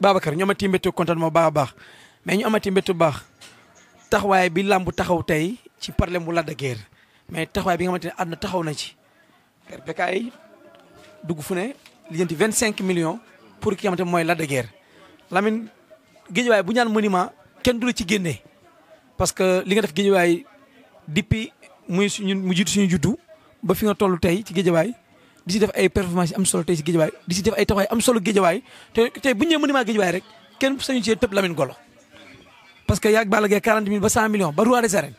Babacar ñu amati mbéttu contentement baax a baax mais ñu amati mbéttu baax taxawaay bi làmb taxaw tey ci problème bu Lac de Guiers mais taxawaay bi nga xamante ne àdduna taxaw na ci. Bécaye dugg fu ne lijjanti vingt cinq millions pour ki nga mooy Lac de Guiers Lamine Guédiawaye bu ñaan monument kenn du la ci génnee parce que li nga def Guédiawaye depuis muy suñu mu jiitu suñu juddu ba fi nga toll tey ci Guédiawaye di si def ay performance am solo tey si géejawaay di si def ay taxawaay am solo géejawaay te tey bu ñu nee monument géejawaay rek kenn sañu cee tëb Lamine Golo parce que yaa Balla Gaye 40 millions ba 100 millions ba roi des arènes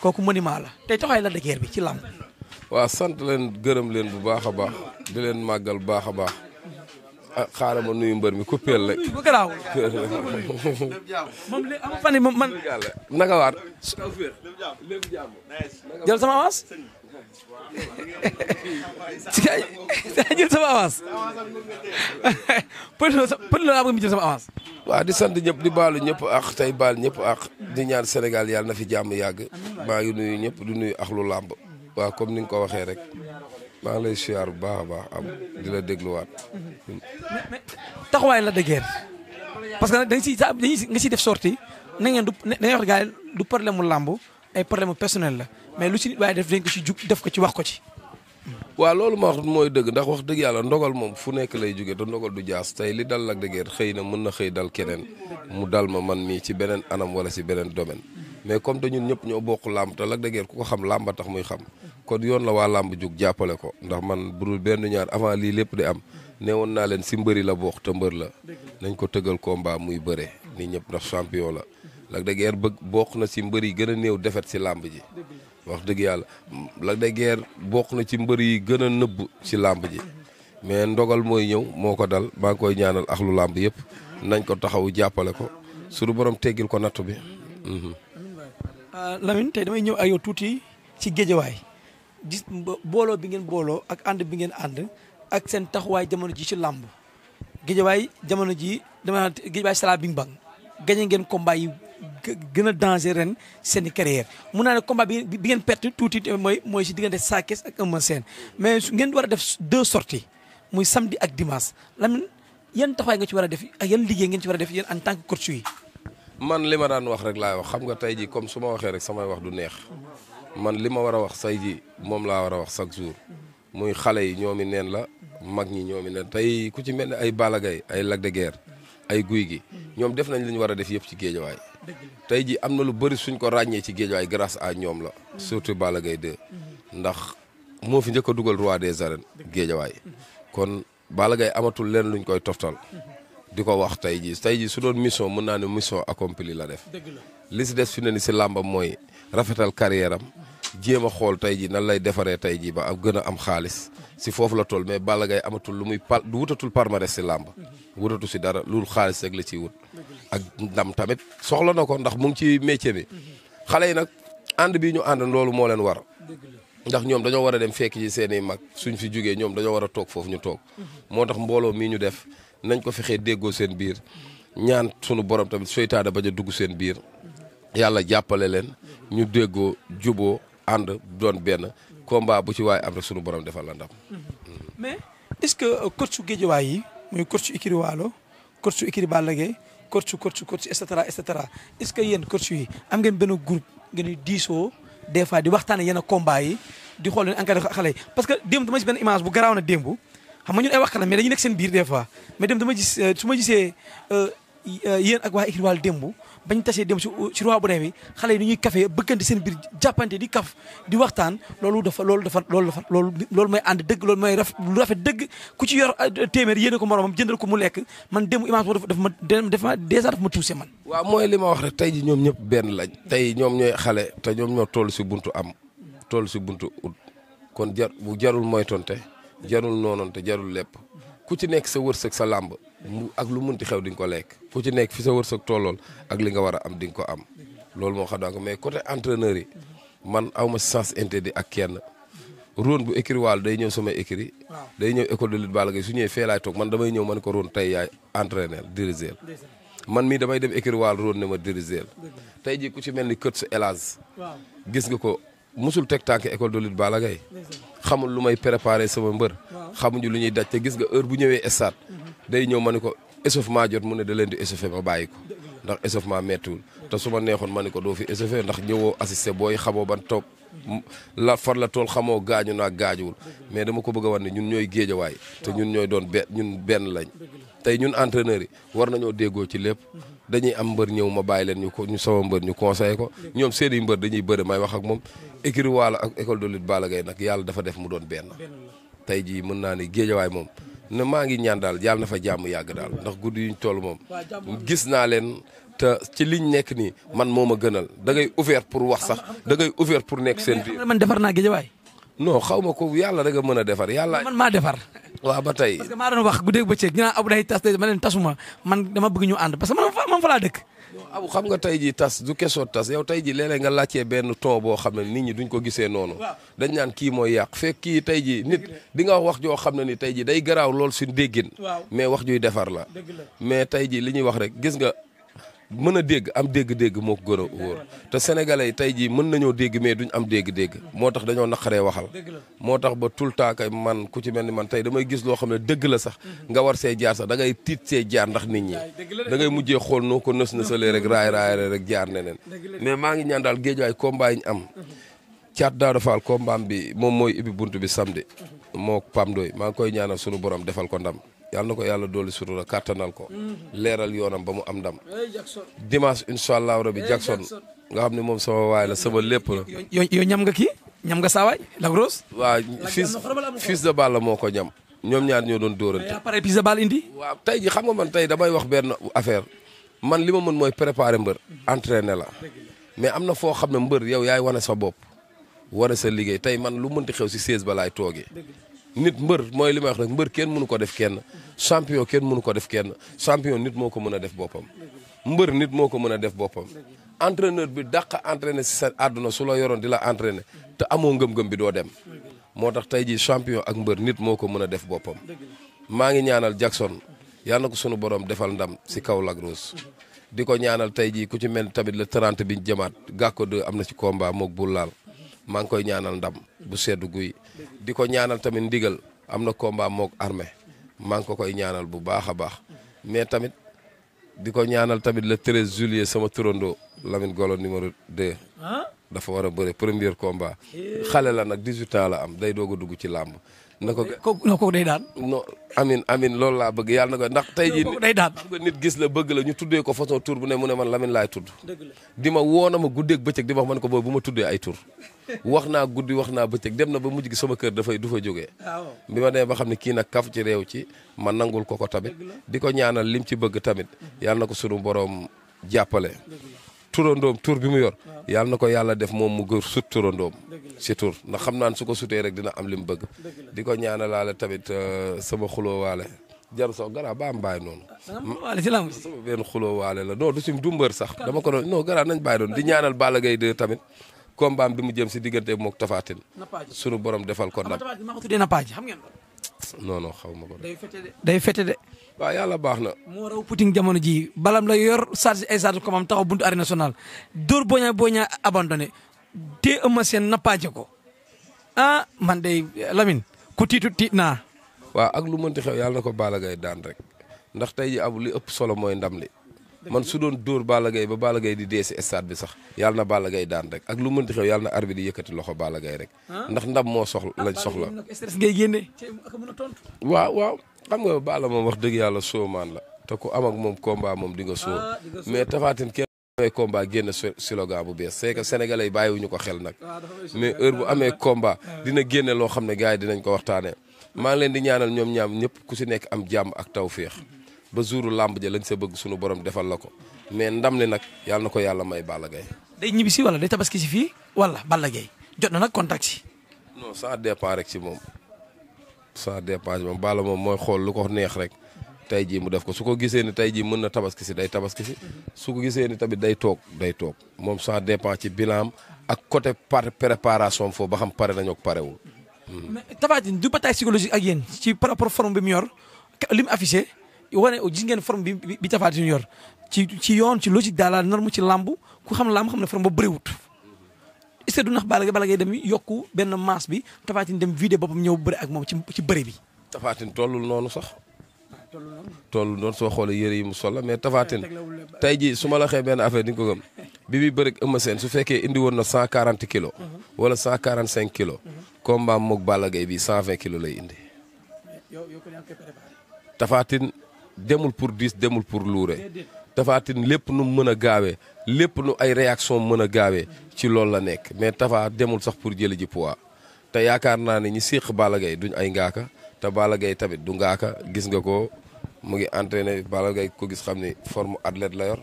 kooku monument la tey taxawaay la dëgër bi ci làmb waaw sant leen gërëm leen bu baax a baax di leen màggal bu baax a baax ah, xaaral ma nuyu mbër mi ku peel rek. bu garaaw moom am fan man. naka waat. jël sama avance. ay daa jël sama avance pël pël la nga jël sama avance. waaw di sant ñëpp di baalu ñëpp ak tey baal ñëpp ak di ñaan Sénégal yàlla na fi jàmm yàgg maa ngi nuyu ñëpp du nuyu ax lu làmb waaw comme ni nga ko waxee rek maa ngi lay siyaar bu baax a baax am di la dégluwaat. taxawaay la de guerre parce que dañ si dañuy nga def sortie na ngeen du da du problème mu làmb ay problème personnel la. mais lu ci nit waaye def dañ ko ci jug def ko ci wax ko ci. waaw loolu ma wax mooy dëgg ndax wax dëgg yàlla ndogal moom fu nekk lay jóge te ndogal du jaas tey li dal Lac de xëy na mën na xëy dal keneen mu dal ma man mii ci beneen anam wala si beneen domaine mais comme te ñun ñëpp ñoo bokk làmb te Lac de Guiers ku ko xam làmba tax muy xam kon yoon la waa làmb jug jàppale ko ndax man budul benn ñaar avant lii lépp di am ne naa leen si mbëri la bokk te mbër la nañ ko tëggal combat muy bëre ni ñëpp ndax champion la Lac de Guiers bëgg na si mbër yi gën a néew defet si làmb ji wax dëgg yàlla la de Guiers bokk na ci mbër yi gën a nëbb ci làmb ji mais ndogal mooy ñëw moo ko dal baa ngi koy ñaanal axlu làmb yëpp nañ ko taxaw jàppale ko suñu borom teggil ko natt bi. Mhm. Euh, Lamine tey damay ñëw ak yow tuuti ci géejawaay gis booloo bi ngeen booloo ak ànd bi ngeen ànd ak seen taxuwaay jamono ji ci làmb géejawaay jamono ji dama géejawaay sala bi bang gañe ngeen combat gën a danger ren seen i carrière mun naa ne combat bi bi ngeen perte tuuti mooy mooy si diggante Sa Thiès ak Eumeu Sène mais su ngeen war a def deux sorties muy samedi ak dimanche Lamine yan taxawaay nga ci war a def ak yan liggéey ngeen ci war a def yéen en tant que coach yi. man li ma daan wax rek laay wax xam nga tey ji comme su ma waxee rek samay wax du neex man li ma war a wax say ji moom laa war a wax chaque jour muy xale yi ñoomi neen la mag ñi ñoomi neen tey ku ci mel ne ay Balla ay Lac de ay Gouye Gui ñoom def nañ li ñu war a def yëpp ci géejawaay tey ji am na lu bëri suñ ko ràññee ci géej waay grâce ñoom la mm-hmm. surtout Balla Gaye 2 mm-hmm. ndax moo fi njëkk dugal roi des arènes géejawaay mm-hmm. kon Balla Gaye amatul leen luñ koy toftal di ko wax tey jii tey jii su doon mission mën naa ne mission accomplie la def li si des fi ne ni si làmbam mooy rafetal carrière jéem a xool tey jii nan lay defaree tey jii ba am gën a am xaalis si foofu la tool mais Balla Gaye amatul lu muy pa wutatul palmarès si làmb wutatu si dara loolu xaalis rek la ciy wut ak ndam tamit soxla na ko ndax mu ngi ci métier bi xale yi nag ànd bi ñu ànd loolu moo leen war ndax ñoom dañoo war a dem fekk ci seen i mag suñ fi jugee ñoom dañoo war a toog foofu ñu toog moo tax mbooloo mii ñu def nañ ko fexee déggoo seen biir ñaan sunu borom tamit seytaane bañ a dugg seen biir yàlla jàppale leen ñu déggoo juboo ànd doon benn combat bu ci waaye am rek sunu borom defal la ndam. Mm-hmm. mais est-ce que euh, coach su Guédiawaye yi muy coach su Ikiri Waalo coach su Ikiri Balla Gaye et cetera et cetera est-ce que yéen coach yi am ngeen benn groupe ngeen di diisoo des di waxtaanee yenn combat yi di xool leen encadré xale yi parce que démb dama gis benn image bu garaaw na démb xam nga ñun ay waxtaan mais dañuy nekk seen biir des fois mais démb dama gis euh, su ma gisee euh, yéen ak waa Ikiri Waalo bañ tasee dem si si roi bu bi xale yi ni ñuy kafe bëggante seen biir jàppante di kaf di waxtaan loolu dafa loolu dafa loolu dafa loolu loolu mooy ànd dëgg loolu mooy rafet dëgg ku ci yor euh, téeméer yéene ko moromam jëndal ko mu lekk man dem image boobu daf ma dafa ma dèjà daf ma tuuse man. waaw mooy li ma wax rek tey ji ñoom ñëpp benn lañ. tey ñoom ñooy xale te ñoom ñoo tollu si buntu am toll si buntu ut kon jar bu jarul moytonte jarul noononte jarul lépp ku ci nekk sa wërsëg sa làmb ak lu mun munti xew di ko lekk fu ci nekk fi sa sa tollool ak li nga war a am di nga ko am loolu moo xam daa ko mais côté entraîneur yi man awma sens interdit ak kenn roon bu écrit day ñëw samay écrit day ñëw école de Balla Gaye su ñëwee fee man damay ñëw man ko roon tey yaay entraîneur diriger man mii damay dem écrit waal roon ne ma diriger tey jii ku ci mel ni kët su élage gis nga ko musul teg tànk école de lutte Balla Gaye xamul lu may préparé sama mbër xamuñu lu ñuy daj te gis nga heure bu ñëwee stade mhm. day ñëw ma ne ko échauffement jot mu ne da leen di échauffer ma bàyyi ko ndax échauffement mettiwul te su ma neexoon ma ne ko doo fi échauffer ndax ñëwoo assisté booy xamoo ban toog la far la tool xamoo gaañu naa gaañuwul mais dama ko bëgg a wax ne ñun ñooy géejawaay te ñun ñooy doon benn ñun benn lañ tey ñun entraîneurs yi war nañoo déggoo ci lépp dañuy am mbër ñëw ma bàyyi leen ñu ko ñu sama mbër ñu conseillé ko ñoom seen i mbër dañuy bëri may wax ak moom écurie Walo ak école de lutte Balla Gaye yàlla dafa def mu doon benn tey jii mën naa ne géejawaay moom ne maa ngi ñaan daal yàlla na fa jàmm yàgg daal ndax guddi yuñ toll moom gis naa leen te ci liñ nekk nii man moo ma gënal da ngay ouvert pour wax sax da ngay ouvert pour nekk seen biir man defar naa géejawaay non xaw ma ko yàlla da nga mën a defar yàlla. man maa defar. waaw ba tey parce que maa doon wax guddeeg bëccëg ñu naan Abdou day tas ma man dama bëgg ñu ànd parce que man falaa man dëkk. abu xam nga tey ji tas du kesoo tas yow tey ji léeg-léeg nga laajtee benn too boo xam ne nit ñi duñ ko gisee noonu dañ naan kii mooy yàq fekk kii tey ji nit di nga wax joo xam ne ni tey ji day garaaw lool suñ déggin mais wax juy defar la mais tey ji li ñuy wax rek gis nga mën a dégg am dégg-dégg moo ko gën a wóor te sénégalais yi tey jii mën nañoo dégg mais duñ am dégg-dégg moo tax dañoo naqaree waxal moo tax ba tout le temps kay man ku ci mel ni man tey damay gis loo xam ne dëgg la sax mhm. nga war see jaar sax da tiit see jaar ndax nit ñi da ngay mujjee xool noo ko nës nësalee rek raay raay rek jaar neneen mais maa ngi ñaan daal géej waay combat yi ñu am mhm. caat daado faal mbaam bi moom mooy ibbi bunt bi samedi mhm. moo pam dooy maa ngi koy ñaanal sunu borom defal ko yàlla na ko yàlla dooli sutura kàttanal ko mm-hmm. leeral yoonam ba mu am ndam dimanche incha allahu rabi Jackson nga xam ne moom sama waay la sama lépp la. yow ñam nga kii ñam nga saawaay Lac Rose. waaw fils fils de balle moo ko ñam. ñoom ñaar ñoo doon dóorante. mais pare fils de indi. waaw tey ji xam nga man tey damay wax benn affaire man li ma mën mooy préparer mbër. Mm-hmm. entraîner la mais am na foo xam ne mbër yow yaay wane sa bopp wane sa liggéey tey man lu mënti xew si 16 ba laay toogee. nit mbër mooy li may wax rek mbër kenn mënu ko def kenn champion kenn mënu ko def kenn champion nit moo ko mën a def boppam mbër nit moo ko mën a def boppam entraîneur bi dàq entraîné si sa àdduna su la yoroon di la entraîné te amoo ngëm bi doo dem moo tax tey jii champion ak mbër nit moo ko mën a def boppam maa ngi ñaanal Jackson yàlla na ko sunu borom defal ndam si kaw Lac Rose di ko ñaanal tey jii ku ci mel tamit le trent bi jëmaat gàkko de am na ci combat moog bu laal maa ngi koy ñaanal ndam bu sedd guy di ko ñaanal tamit ndigal am na combat moog armée maa ngi ko koy ñaanal bu baax a baax mais tamit di ko ñaanal tamit le 13 juillet sama turandoo Lamine Golo numéro 2. dafa war a bëre premier combat. xale la nag 18 ans la am day doog a dugg ci làmb. na ko na ko day daan. non amin amin loolu laa bëgg yàlla na ko ndax. tey ji day daan xam nit gis la bëgg la ñu tuddee ko façon tur bu ne mu ne man Lamine laay tudd. di ma woo na ma guddeeg bëccëg di ma wax man ko boobu bu ma tuddee ay wax naa guddi wax naa bëccëg dem na ba mujj gi sama kër dafay du fa jógee ah, bi ma nee ba xam ne kii nag kaf ci réew ci ma nangul ko ko tamit di ko ñaanal lim ci bëgg tamit mhm. yàlla na ko sunu boroom jàppale turandoom tur bi mu yor yàlla na ko yàlla def moom mu gër sut turandoom si tur ndax xam naan su ko sutee rek dina am li mu bëgg di ko ñaanalaale tamit euh, sama xuloowaale jaru soo garaa ba am bàyyi noonu ah, sama benn xuloowaale la non du sim sax dama ko doon non garaa nañ bàyyi noonu di ñaanal Balla gay 2 tamit combat bi mu jëm si diggante mook Tapha Tine. sunu borom defal ko ndam. non non xaw ma ko. day fete de day yàlla baax na. moo raw Poutine jamono jii balam la yor charge ay charge comme am taxaw buntu arène nationale dóor boña boña abandonné te ëmma seen nappaaje ko ah man day lamin ku tiitu tiit naa. waaw ak lu mënti xew yàlla na ko Balla daan rek ndax tey ji li ëpp solo mooy ndam li. man su doon dóor Balla gay ba Balla gay di dee si stade bi sax yàlla na Balla gay daan rek ak lu mënti xew yàlla na arbitre di yëkkati loxo Balla Gaye rek ah. ndax ndam moo ah, soxla lañ soxla waaw waaw xam nga bala moom wax dëgg yàlla soomaan la te ku am moom combat moom di nga soo ah, mais tafaatin kenn amee combat génn slogan bu bees c'est que sénégalais yi bàyyiwuñu ko xel nag mais heure bu amee combat dina génne loo xam ne gars yi dinañ ko waxtaanee maa leen di ñaanal ñoom ñaam ñëpp ku si nekk am jàmm ak tawféex ba jouru làmb ja lañ sa bëgg suñu borom defal la ko mais ndam li nag yàlla na ko yàlla may Balla Gaye day ñibbisi si wala day tabaski si fii wala Balla Gaye jot na nag contact si. non ça dépend rek si moom ça dépend moom Balla moom mooy xool lu ko neex rek tey jii mu def ko su ko gisee ni tey jii mën na tabaski si day tabaski si su ko gisee tamit day toog day toog moom ça dépend ci bilan ak côté par préparation foofu ba xam pare nañu ak parewul. mais Tapha Tine psychologique ak yéen ci par rapport forme bi mu yor li wane gis ngeen forme bi bi yoon ci logique daal la ci làmb ku xam làmb xam ne forme ba bëriwut est du ndax Balla Gaye dem yokku benn masse bi Tapha Tine dem vidéo boppam ñëw bëri ak moom ci ci bëri bi. Tapha Tine noonu sax. Ah, tollul noonu soo xoolee yëre yi mu sol la mais Tapha Tine tey su ma la xee benn affaire di ko gëm bi muy bëri Eumeu Sène su fekkee indi woon na cent quarante kilos. Mhm. wala cent quarante cinq kilos. Mhm. bi cent lay indi. Tapha demul pour diis demul pour luure Tapha lépp nu mën a gaawee lépp nu ay réaction mën a gaawee ci loolu la nekk mais Tapha demul sax pour jëli ji poids te yaakaar naa ne ñi séq Balla Gaye duñ ay ngaaka te Balla Gaye tamit du ngaaka gis nga ko mu ngi entraîné Balla Gaye ko gis xam ni form athlète la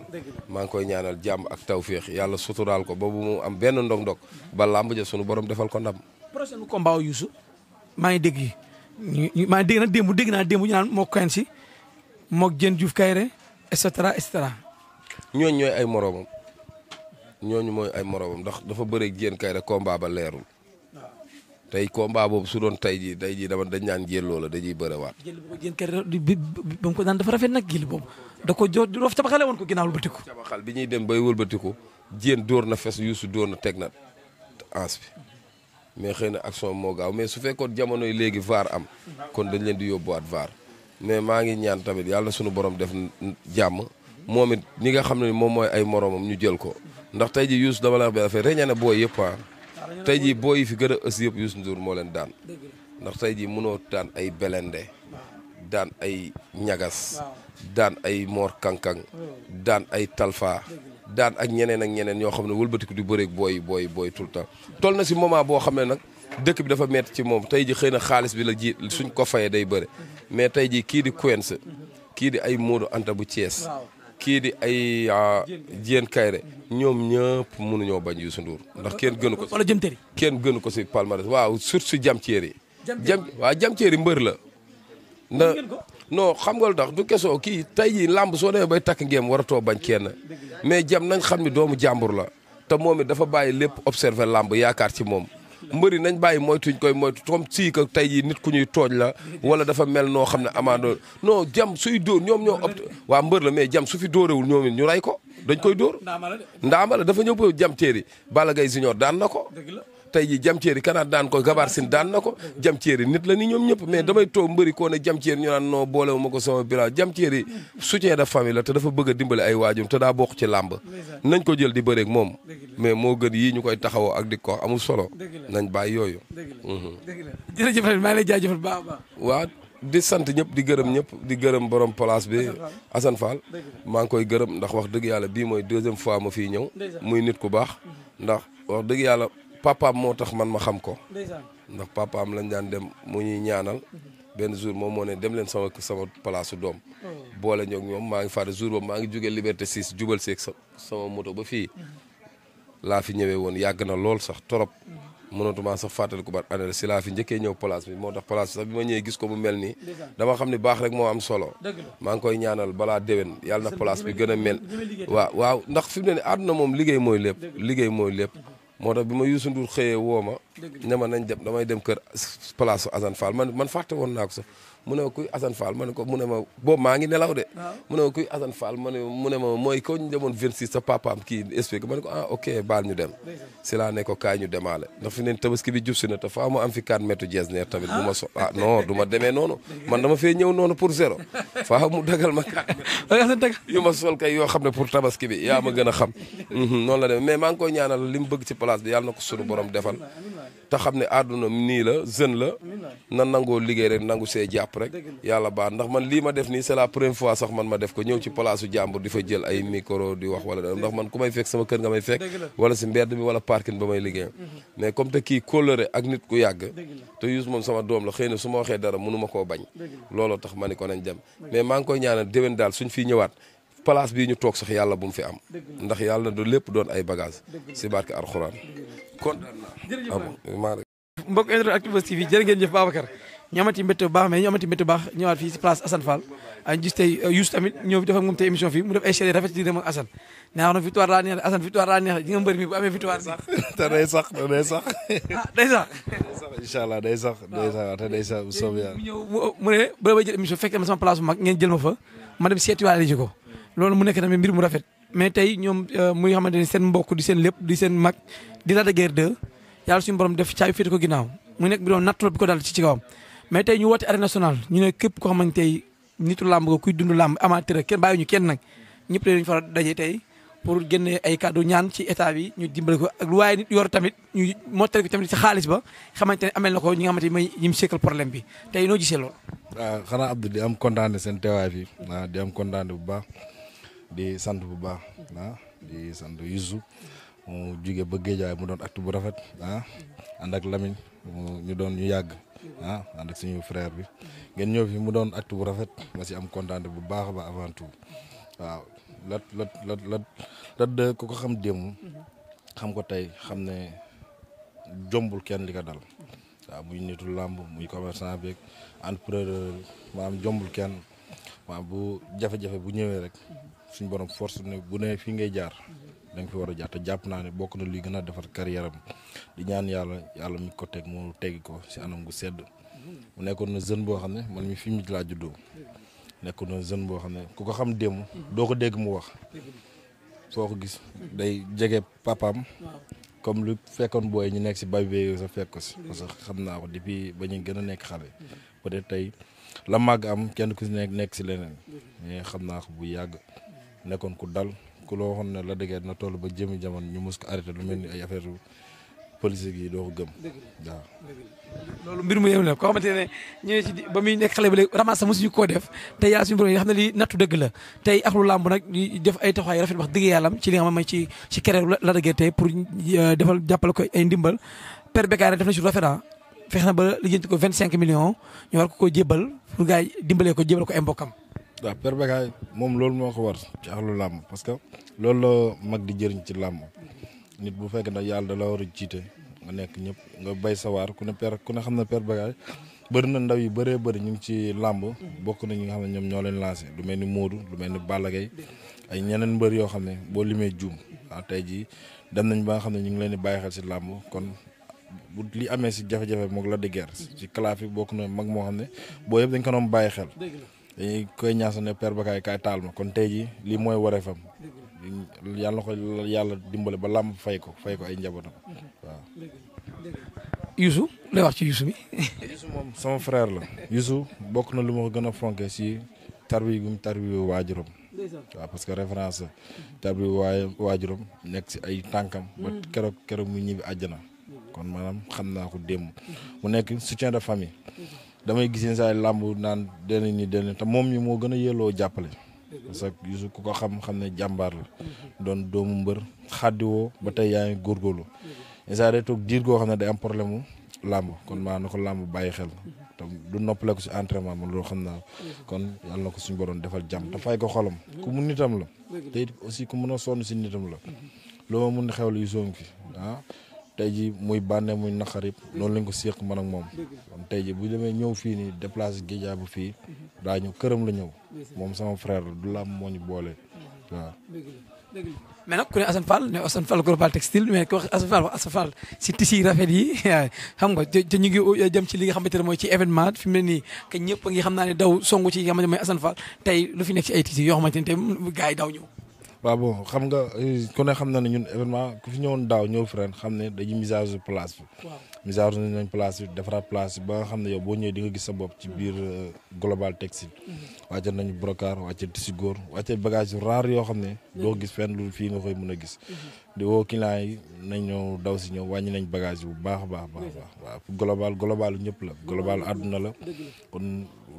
maa ngi koy ñaanal jàmm ak tawféex yàlla suturaal ko ba bu mu am benn ndog-ndog ba làmb sunu borom defal ko ndam. prochain combat maa ngi dégg maa ngi dégg dégg naa démb ñu naan moo moog Diène Diouf Kayre et cetera et cetera. ñooñu ñooy ay moroomam ñooñu mooy ay moroomam ndax dafa bëre Diène Kayre combat ba leerul tey combat boobu su doon tey jii tey jii dama dañ ñaan jëlloo la dañuy bëriwaat. jël bu ko bi ba mu daan dafa rafet nag jël boobu da ko joo doof tabaxale woon ko ginnaaw wëlbatiku. tabaxal bi ñuy dem bay wëlbatiku Diène dóor na fes Youssou dóor na teg na ans bi. mais xëy na action moo gaaw mais su fekkoon jamonoy léegi vaar am kon dañ leen di yóbbuwaat vaar mais maa ngi ñaan tamit yàlla suñu borom def jàmm moom it ñi nga xam ne moom mooy ay moromam ñu jël ko ndax tey ji Youssou dama la wax bi dafay reña ne booy yëpp ah tey ji booy yi fi gën a ës yëpp Youssou Ndour moo leen daan ndax tey ji mënoo daan ay belende daan ay ñagas daan ay moor kankang daan ay talfa daan ak ñeneen ak ñeneen ñoo xam ne wëlbatiku di bëreeg booy booy booy tout le temps toll na si moment boo xam ne nag dëkk bi dafa métti ci moom tey ji xëy na xaalis bi la ji suñ ko fayee day bëre mais tey ji kii di Quench kii di ay moodo Anta bu Thiès kii di ay ah, Diène Kayré ñoom ñëpp mënuñoo bañ Youssou Ndour ndax kenn gënu ko wala jëm kenn gënu ko si palmarès waaw surtout jam ceeri jam waaw jam ceeri mbër la nda non xam nga lu du kesoo kii tey jii làmb soo demee bay takk ngeem waratoo bañ kenn mais jam nañ xam ni doomu jàmbur la te moom it dafa bàyyi lépp observé làmb yaakaar ci moom mbëri nañ bàyyi moytuñ koy moytu toom sii que tey jii nit ku ñuy tooñ la wala dafa mel noo xam ne amaandoo noo jam suy dóor ñoom ñoo opt waa mbër la mais jam su fi dóorewul ñoom ñu rey ko dañ koy dóor ndaama dafa ñëw ba jam téeri Balla Gaye Junior daan na ko tey ji jam ceeri kanaat daan ko gabaar sin daan na ko jam ceeri nit la ni ñoom ñëpp mais damay toog mbëri koo ne jam ceeri ñu naan noo boolewu ma ko sama bilan jam ceeri soutien de famille te dafa bëgg a dimbale ay waajum te daa bokk ci làmb nañ ko jël di bëreeg moom mais moo gën yii ñu koy taxawoo ak di ko amul solo nañ bàyyi yooyu mhm. jërëjëf maa ngi lay jaajëfal waaw di sant ñëpp di gërëm ñëpp di gërëm borom place bi Assane Fall maa ngi koy gërëm ndax wax dëgg yàlla bii mooy deuxième fois ma fii ñëw muy nit ku baax mhm. ndax wax yàlla papaam moo tax man ma xam ko ndax papaam lañ daan dem mu ñuy ñaanal benn jour moom moo ne dem leen sama sama palaasu doom oh. boole ñoog ñoom maa ngi faata jour boobu maa ngi jógee Liberté 6 jubal seeg sama moto ba fii mm-hmm. laa fi ñëwee woon yàgg na lool sax torop mm-hmm. mënatuma sax fàttali ko bat année si laa fi njëkkee ñëw place bi moo tax place bi bi ma ñëwee gis ko mu mel nii dama xam ni baax rek moo am solo maa ngi koy ñaanal balaa déwén yàlla na place bi gën a mel waaw waaw ndax fi mu ne nii moom liggéey mooy lépp liggéey mooy lépp mm-hmm. moo tax bi ma Youssou Ndour xëyee woo ma. ne ma nañ dem damay dem kër place su Assane Fall man man fàtte woon naa ko sax mu ne ma kuy Assane Fall ma ne ko mu ne ma boobu maa ngi nelaw de. mu ne ma kuy Assane Fall ma ne mu ne ma mooy ko ñu demoon 26 sa papaam kii expliqué ma ne ko ah ok baal ñu dem. si laa ne ko kaay ñu demaale ndax fi neen tabaski bi jub si na te faa mu am fi 4 mètres jees neer tamit bu ma so ah non du ma demee noonu man dama fee ñëw noonu pour zéro faa mu dagal ma 4 mètres yu ma sol kay yoo xam ne pour tabaski bi yaa ma gën a xam mhm, noonu la demee mais maa ngi koy ñaanal li mu bëgg ci place bi yàlla na ko sunu borom defal te xam ne àdduna nii la jeune la na nangoo liggéey rek nangu see jàpp rek yàlla baax ndax man lii ma def nii c'est la première fois sax man ma def ko ñëw ci palaasu jàmbur di fa jël ay micro di wax wala dara ndax man ku may fekk sama kër nga may fekk wala si mbedd mi wala parking ba may liggéey mhm. mais comme te kii kóllëre ak nit ku yàgg te yus moom sama doom la xëy na su ma waxee dara mënu ma koo bañ looloo tax ma ko nañ dem mais maa ngi koy ñaanal déwén daal place bii ñu toog sax yàlla bu mu fi am ndax yàlla du lépp doon ay bagage si barke alxuraan kon ah maa rek mbokk internet Actubuzz TV jërë ngeen jëf Babacar ñu amati mbétte baax ñu amati mbétte bu baax ñëwaat fii si place Assane Fall a ah, gis tey euh, Youssou tamit ñëw fi def ak moom tey émission fii mu amee victoire sax te day sax te day sax ah day day sax day sax yàlla mu ne ba jël émission fekk ma sama place mag ngeen jël ma fa ma dem seetiwaale ji ko loolu mu nekk tamit mbir mu rafet mais tey ñoom euh, muy xamante ni seen mbokk di seen lépp di seen mag di Lac de Guiers 2 yàlla borom def caabi féete ko ginnaaw mu nekk bi doon nattu bi ko dal ci ci kawam mais tey ñu woote arène nationale ñu ne képp koo xamante ni nitu làmb ko kuy dund làmb amateur kenn bàyyi ñu kenn nag ñëpp dañu fa daje tey pour génne ay kàddu ñaan ci état bi ñu dimbale ko ak waaye nit yor tamit ñu mottali ko tamit ci xaalis ba xamante ne amel na ko ñi nga xamante ni mooy ñi mu sekkal problème bi tey noo gisee loolu. waaw xanaa Abdou di am kontaane seen teewaay bi di am kontaane bu baax. di sant bu baax ah di sant Youssou mu jóge ba Géejawaay mu doon acte bu rafet ah ànd ak Lamine ñu doon ñu yàgg ah ànd ak suñu frère bi ngeen ñëw fi mu doon acte bu rafet ma si am kontaan bu baax ba avant tout waaw lat lat lat lat xam démb xam ko tey xam ne jombul kenn li ko dal waaw muy nitu làmb mu commerçant beeg entrepreneur maanaam jombul kenn waaw bu jafe-jafe bu ñëwee rek suñ borom force ne bu ne fii ngay jaar da fi war a jaar te jàpp naa ne bokk na luy gën a defar carrière am di ñaan yàlla yàlla mi ko teg mu teggi ko si anam gu sedd mu nekkoon na jeune boo xam ne man mi fi mu laa juddoo nekkoon na jeune boo xam ne ku ko xam démb doo ko dégg mu wax soo ko gis day jege papaam comme lu fekkoon booy ñu nekk si bay bi sa fekk ko si parce que xam naa ko depuis ba ñu gën a nekk xale peut tey la màgg am kenn ku si nekk nekk si leneen mais xam naa ko bu yàgg nekkoon ku dal ku loo xam ne la dëggee na toll ba jëmi jamono ñu mus ko arrêté lu mel ni ay affaire police yi doo ko gëm. waaw loolu mbir mu yem la ko xamante ne ñëwee ci ba muy nekk xale ba léegi ramasa mosuñu koo def tey yaa suñu borom dëgg la tey ak lu làmb nag def ay taxawaay rafet wax dëgg yàllam ci li ci ci kereeru la dëggee tey pour euh, defal jàppale ko ay ndimbal per Bécaye def na ci rafet ah. fex na ba lijjanti ko 25 millions ñu war ko koo jébbal pour gaa yi dimbalee ko jébbal ko ay mbokkam waaw Père Bécaye moom loolu moo ko war ci axlu làmb parce que loolu la mag di jëriñ ci làmb nit bu fekkee ne yàlla da la war a jiite nga nekk ñëpp nga bay sa waar ku ne Père ku ne xam ne Père Bécaye bëri na ndaw yu bëree bëri ñu ngi ci làmb bokk na ñi nga xam ne ñoom ñoo leen lancé lu mel ni Modou lu mel ni Balla ay ñeneen mbër yoo xam ne boo limee juum waaw tey jii dem nañ ba xam ne ñu ngi leen di bàyyi xel ci làmb kon bu li amee si jafe-jafe moog la di guerre si kalaaf yi bokk na mag moo xam ne boo yëpp dañ ko doon bàyyi xel dañuy koy ñaasa ne Père Bakaye kaay taal ma kon tey jii lii mooy wareefam yàlla na ko yàlla dimbale ba làmb fay ko fay ko ay njabootam waaw. Youssou lay wax ci Youssou bi. sama frère la Youssou bokk na lu ma ko gën a fonke si tarbi gum tarbi waajuram waaw parce que référence tarbi waay waajuram nekk si ay tànkam. ba mm-hmm. keroog keroog mu ñibbi àjjana. kon maanaam xam naa ko démb. mu nekk soutien de famille. Mm-hmm. damay gis yenn saa yi làmb naan dana ni dana te moom ñi moo gën a yelloo jàppale. parce que Youssou ku ko xam xam ne jàmbaar la. doon doomu mbër xaddi woo ba tey yaa ngi góorgóorlu. yenn saa yi day toog diir goo xam ne day am problème mu làmb kon maa na ko làmb bàyyi xel. te du noppale ko si entraînement man loolu xam naa kon yàlla na ko suñu borom defal jàmm te fay ko xolam. ku mun nitam la. te it aussi ku mun a sonn si nitam la. loo ma mun xewle Youssou fi ah. tey ji muy bànnee muy naqarib noonu lañ ko séq man ak moom kon tey ji bu demee ñëw fii nii déplacé géejaa bu fii daa ñu këram la ñëw moom sama frère du làmb moo ñu boole waaw mais nag ku ne Assane Fall ne Assane Fall global textile mais ku wax Assane Fall si tissu rafet yi xam nga te ñu ngi euh, jëm ci li nga xamante ne mooy ci événement fi mu ne nii que ñëpp a ngi xam naa ne daw songu ci yi nga xamante ne mooy Assane Fall tey lu fi nekk ci ay tissu yoo xamante ne tey gars yi daw ñëw waaw bon xam nga euh, ku ne xam na ne ñun événement ku fi ñëwoon daaw ñëw fi ren xam ne dañuy mise à jour place bi. waaw mise à jour nañ place bi defaraat place bi ba nga xam ne yow boo ñëwee di nga gis sa bopp ci biir euh, global textile. Mhm. wàcce nañu brocart wàcce tissu góor wàcce bagage yu raar yoo xam ne. Mhm. doo gis fenn lu fii nga koy mën a gis. Mhm. di woo client yi nañ ñëw daw si ñëw wàññi nañ bagage bu baax a baax baax waaw global globalu ñëpp la global àdduna la kon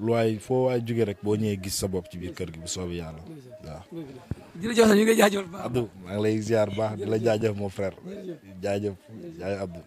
lu waay foo waay jóge rek boo ñëwee gis sa bopp ci biir kër gi bu soobee yàlla waaw. jërëjëf ñu ngi lay baax maa ngi lay ziar baax di la jaajëf mon frère jaajëf jaajëf Abdou.